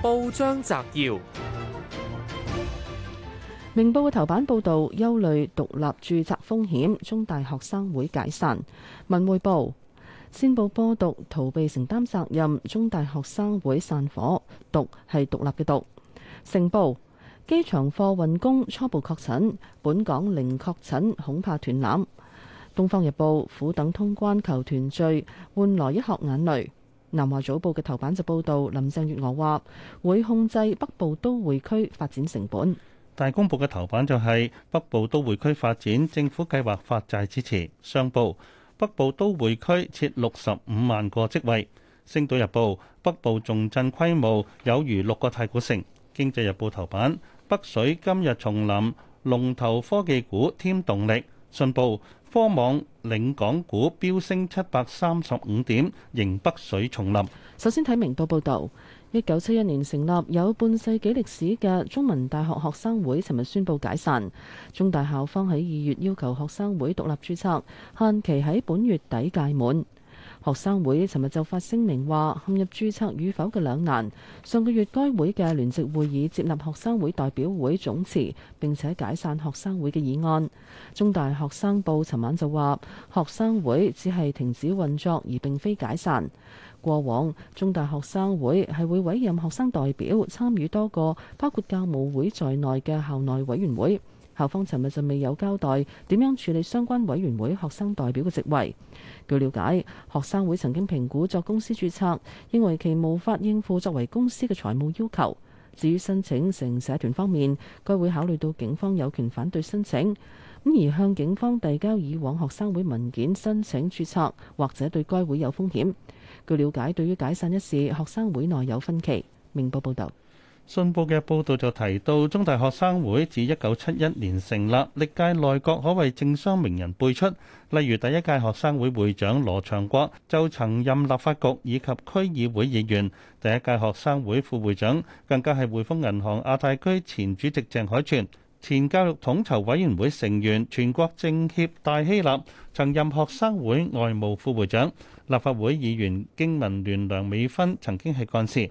報章摘要：明報嘅頭版報道憂慮獨立註冊風險，中大學生會解散。文匯報先播獨逃避承擔責任，中大學生會散夥。獨係獨立嘅獨。成報機場貨運工初步確診，本港零確診恐怕斷纜。東方日報苦等通關求團聚，換來一殼眼淚。南華早報嘅頭版就報道，林鄭月娥話會控制北部都會區發展成本。大公報嘅頭版就係北部都會區發展，政府計劃發債支持。商報北部都會區設六十五萬個職位。星島日報北部重鎮規模有如六個太古城。經濟日報頭版北水今日重臨，龍頭科技股添動力。信報科網領港股飆升七百三十五點，迎北水重臨。首先睇明報報道，一九七一年成立有半世紀歷史嘅中文大學學生會，尋日宣布解散。中大校方喺二月要求學生會獨立註冊，限期喺本月底屆滿。學生會尋日就發聲明話：陷入註冊與否嘅兩難。上個月該會嘅聯席會議接納學生會代表會總辭，並且解散學生會嘅議案。中大學生報尋晚就話：學生會只係停止運作，而並非解散。過往中大學生會係會委任學生代表參與多個包括教務會在內嘅校內委員會。校方尋日就未有交代點樣處理相關委員會學生代表嘅席位。據了解，學生會曾經評估作公司註冊，認為其無法應付作為公司嘅財務要求。至於申請成社團方面，該會考慮到警方有權反對申請，咁而向警方遞交以往學生會文件申請註冊，或者對該會有風險。據了解，對於解散一事，學生會內有分歧。明報報道。信報嘅報導就提到，中大學生會自一九七一年成立，歷屆內閣可謂政商名人輩出。例如第一屆學生會會長羅長國就曾任立法局以及區議會議員；第一屆學生會副會長更加係匯豐銀行亞太區前主席鄭海泉，前教育統籌委員會成員全國政協大希臘，曾任學生會外務副會長，立法會議員經民聯梁美芬曾經係幹事。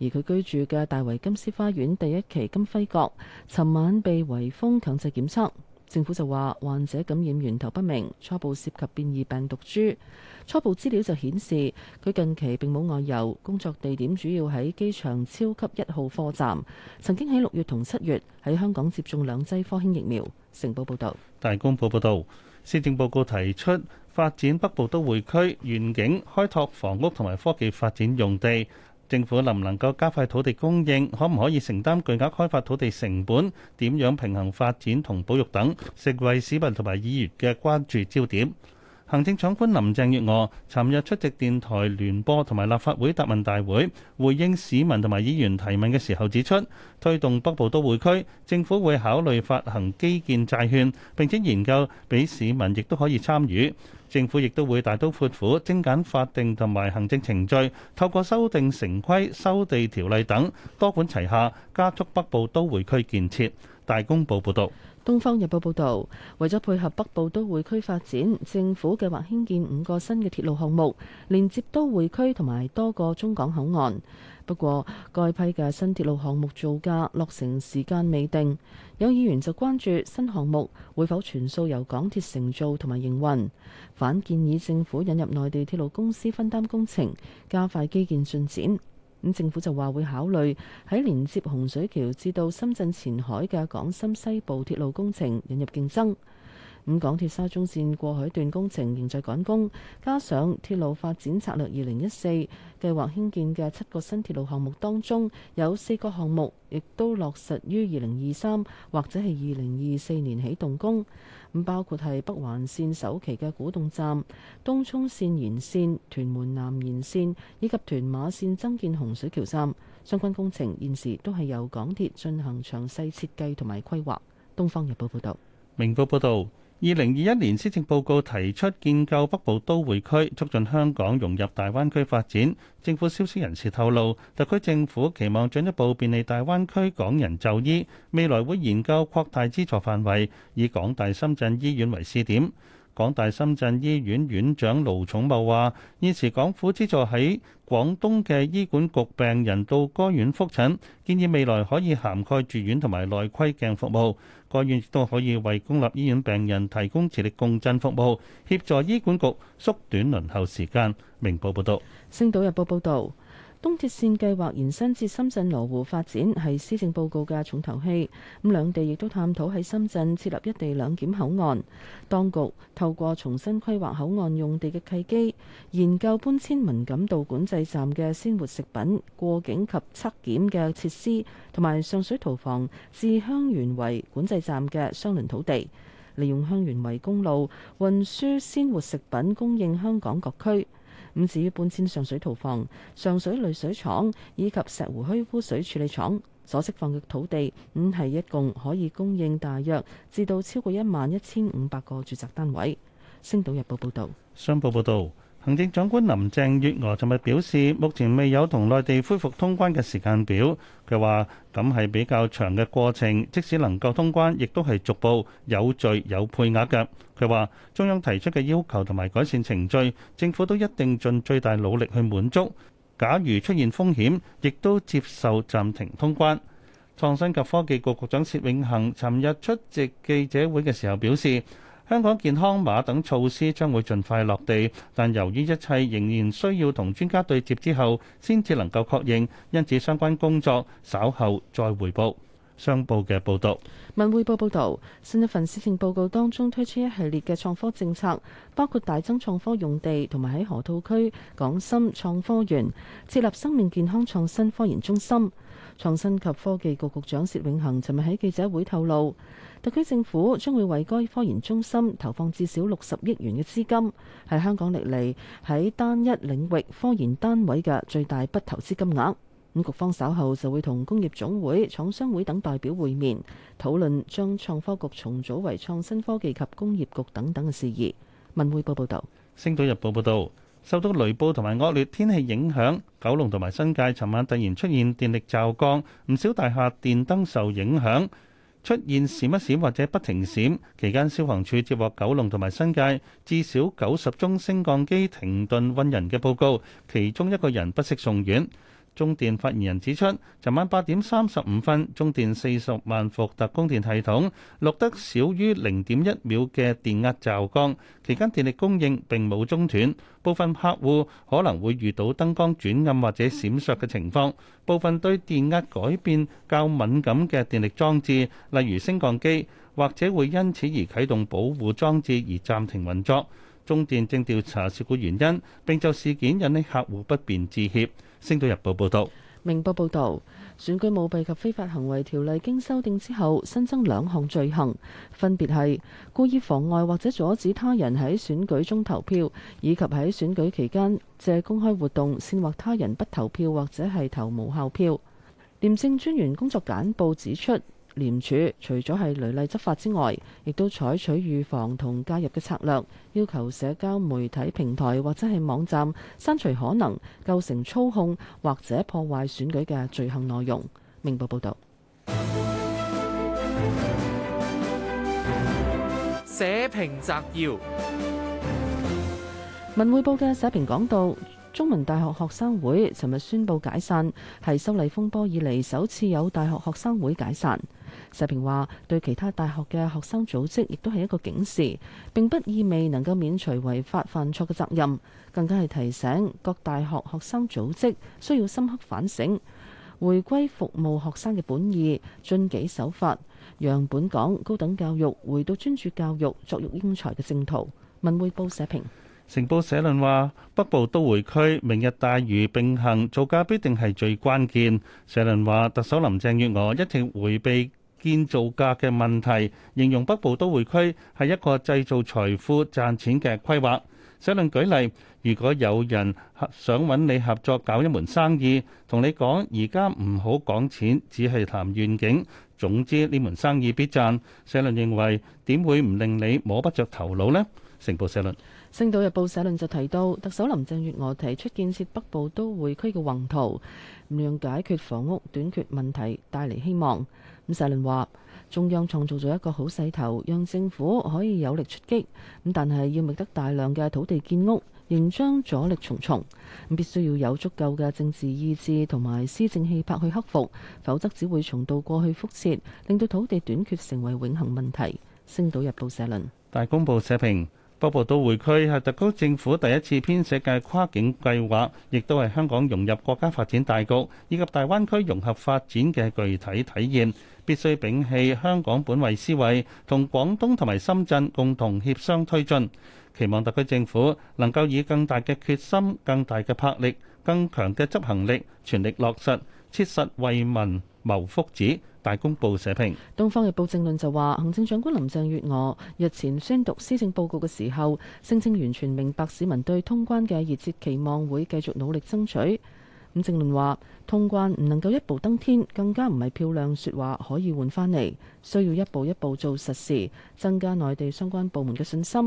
而佢居住嘅大圍金獅花園第一期金輝閣尋晚被圍封強制檢測，政府就話患者感染源頭不明，初步涉及變異病毒株。初步資料就顯示佢近期並冇外遊工作地點，主要喺機場超級一號貨站，曾經喺六月同七月喺香港接種兩劑科興疫苗。成報報道、大公報報道，施政報告提出發展北部都會區願景，開拓房屋同埋科技發展用地。政府能唔能夠加快土地供應，可唔可以承擔巨額開發土地成本，點樣平衡發展同保育等，成為市民同埋議員嘅關注焦點。行政長官林鄭月娥尋日出席電台聯播同埋立法會答問大會，回應市民同埋議員提問嘅時候指出，推動北部都會區，政府會考慮發行基建債券，並且研究俾市民亦都可以參與。政府亦都會大刀闊斧精簡法定同埋行政程序，透過修訂城規、收地條例等多管齊下，加速北部都會區建設。大公報報道。《東方日報》報導，為咗配合北部都會區發展，政府計劃興建五個新嘅鐵路項目，連接都會區同埋多個中港口岸。不過，該批嘅新鐵路項目造價、落成時間未定。有議員就關注新項目會否全數由港鐵承造同埋營運，反建議政府引入內地鐵路公司分擔工程，加快基建進展。咁政府就話會考慮喺連接洪水橋至到深圳前海嘅港深西部鐵路工程引入競爭。咁港鐵沙中線過海段工程仍在趕工，加上鐵路發展策略二零一四計劃興建嘅七個新鐵路項目當中，有四個項目亦都落實於二零二三或者係二零二四年起動工。咁包括係北環線首期嘅古洞站、東涌線延線、屯門南延線以及屯馬線增建洪水橋站，相關工程現時都係由港鐵進行詳細設計同埋規劃。《東方日報》報道。《明報》報導。二零二一年施政報告提出建構北部都會區，促進香港融入大灣區發展。政府消息人士透露，特區政府期望進一步便利大灣區港人就醫，未來會研究擴大資助範圍，以港大深圳醫院為試點。港大深圳醫院院長盧寵茂話：現時港府資助喺廣東嘅醫管局病人到該院覆診，建議未來可以涵蓋住院同埋內窺鏡服務。該院亦都可以為公立醫院病人提供磁力共振服務，協助醫管局縮短輪候時間。明報報道。星島日報報道。東鐵線計劃延伸至深圳羅湖發展係施政報告嘅重頭戲，咁兩地亦都探討喺深圳設立一地兩檢口岸。當局透過重新規劃口岸用地嘅契機，研究搬遷文錦渡管制站嘅鮮活食品過境及測檢嘅設施，同埋上水屠房至香園圍管制站嘅相鄰土地，利用香園圍公路運輸鮮活食品供應香港各區。咁至於搬遷上水屠房、上水濾水廠以及石湖墟污水處理廠所釋放嘅土地，咁係一共可以供應大約至到超過一萬一千五百個住宅單位。星島日報報道。商報報導。行政長官林鄭月娥尋日表示，目前未有同內地恢復通關嘅時間表。佢話：咁係比較長嘅過程，即使能夠通關，亦都係逐步有序、有配額嘅。佢話：中央提出嘅要求同埋改善程序，政府都一定盡最大努力去滿足。假如出現風險，亦都接受暫停通關。創新及科技局局長薛永恒尋日出席記者會嘅時候表示。香港健康碼等措施將會盡快落地，但由於一切仍然需要同專家對接之後先至能夠確認，因此相關工作稍後再回報。商報嘅報道，文匯報報道，新一份施政報告當中推出一系列嘅創科政策，包括大增創科用地，同埋喺河套區港深創科園設立生命健康創新科研中心。創新及科技局局長薛永恒尋日喺記者會透露，特區政府將會為該科研中心投放至少六十億元嘅資金，係香港歷嚟喺單一領域科研單位嘅最大筆投資金額。咁局方稍後就會同工業總會、廠商會等代表會面，討論將創科局重組為創新科技及工業局等等嘅事宜。文匯報報道。星島日報報導。受到雷暴同埋惡劣天氣影響，九龍同埋新界尋晚突然出現電力驟降，唔少大廈電燈受影響，出現閃一閃或者不停閃。期間消防處接獲九龍同埋新界至少九十宗升降機停頓運人嘅報告，其中一個人不適送院。中電發言人指出，昨晚八點三十五分，中電四十萬伏特供電系統錄得少於零點一秒嘅電壓驟降，期間電力供應並冇中斷，部分客戶可能會遇到燈光轉暗或者閃爍嘅情況，部分對電壓改變較敏感嘅電力裝置，例如升降機，或者會因此而啟動保護裝置而暫停運作。中電正調查事故原因，並就事件引起客戶不便致歉。星島日報報道：「明報報道，選舉舞弊及非法行為條例經修訂之後，新增兩項罪行，分別係故意妨礙或者阻止他人喺選舉中投票，以及喺選舉期間借公開活動煽惑他人不投票或者係投無效票。」廉政專員工作簡報指出。廉署除咗係雷厲執法之外，亦都採取預防同介入嘅策略，要求社交媒體平台或者係網站刪除可能構成操控或者破壞選舉嘅罪行內容。明報報道。社評摘要：文匯報嘅社評講到，中文大學學生會尋日宣布解散，係修例風波以嚟首次有大學學生會解散。社評話：對其他大學嘅學生組織，亦都係一個警示，並不意味能夠免除違法犯錯嘅責任，更加係提醒各大學學生組織需要深刻反省，回歸服務學生嘅本意，遵紀守法，讓本港高等教育回到專注教育、作育英才嘅正途。文匯報社評，成報社論話：北部都會區明日大嶼並行，造價必定係最關鍵。社論話：特首林鄭月娥一定迴避。建造價嘅問題，形容北部都會區係一個製造財富賺錢嘅規劃。社論舉例，如果有人想揾你合作搞一門生意，同你講而家唔好講錢，只係談願景。總之呢門生意必賺。社論認為點會唔令你摸不着頭腦呢？成報社論。《星島日報》社論就提到，特首林鄭月娥提出建設北部都會區嘅宏圖，唔讓解決房屋短缺問題帶嚟希望。咁社論話，中央創造咗一個好勢頭，讓政府可以有力出擊。咁但係要覓得大量嘅土地建屋，仍將阻力重重。必須要有足夠嘅政治意志同埋施政氣魄去克服，否則只會重蹈過去覆轍，令到土地短缺成為永恆問題。《星島日報》社論，《大公報》社評。北部都會區係特區政府第一次編寫嘅跨境計劃，亦都係香港融入國家發展大局以及大灣區融合發展嘅具體體現，必須摒棄香港本位思維，同廣東同埋深圳共同協商推進。期望特區政府能夠以更大嘅決心、更大嘅魄力、更強嘅執行力，全力落實，切實為民謀福祉。大公報社評，《東方日報政論》就話，行政長官林鄭月娥日前宣讀施政報告嘅時候，聲稱完全明白市民對通關嘅熱切期望，會繼續努力爭取。咁政論話，通關唔能夠一步登天，更加唔係漂亮説話可以換返嚟，需要一步一步做實事，增加內地相關部門嘅信心。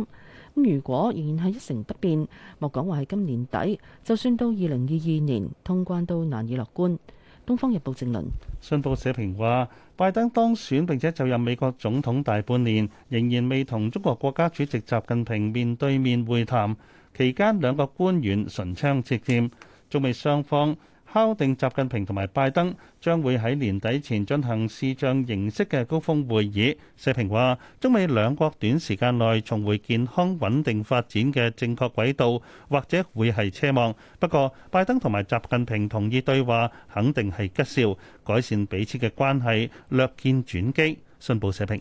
咁如果仍然係一成不變，莫講話係今年底，就算到二零二二年，通關都難以樂觀。《東方日報》正論評論，信報社評話，拜登當選並且就任美國總統大半年，仍然未同中國國家主席習近平面對面會談，期間兩個官員唇槍舌劍，仲未雙方，敲定習近平同埋拜登將會喺年底前進行視像形式嘅高峰會議。社評話，中美兩國短時間內重回健康穩定發展嘅正確軌道，或者會係奢望。不過拜登同埋習近平同意對話肯定係吉兆，改善彼此嘅關係略見轉機，信報社評。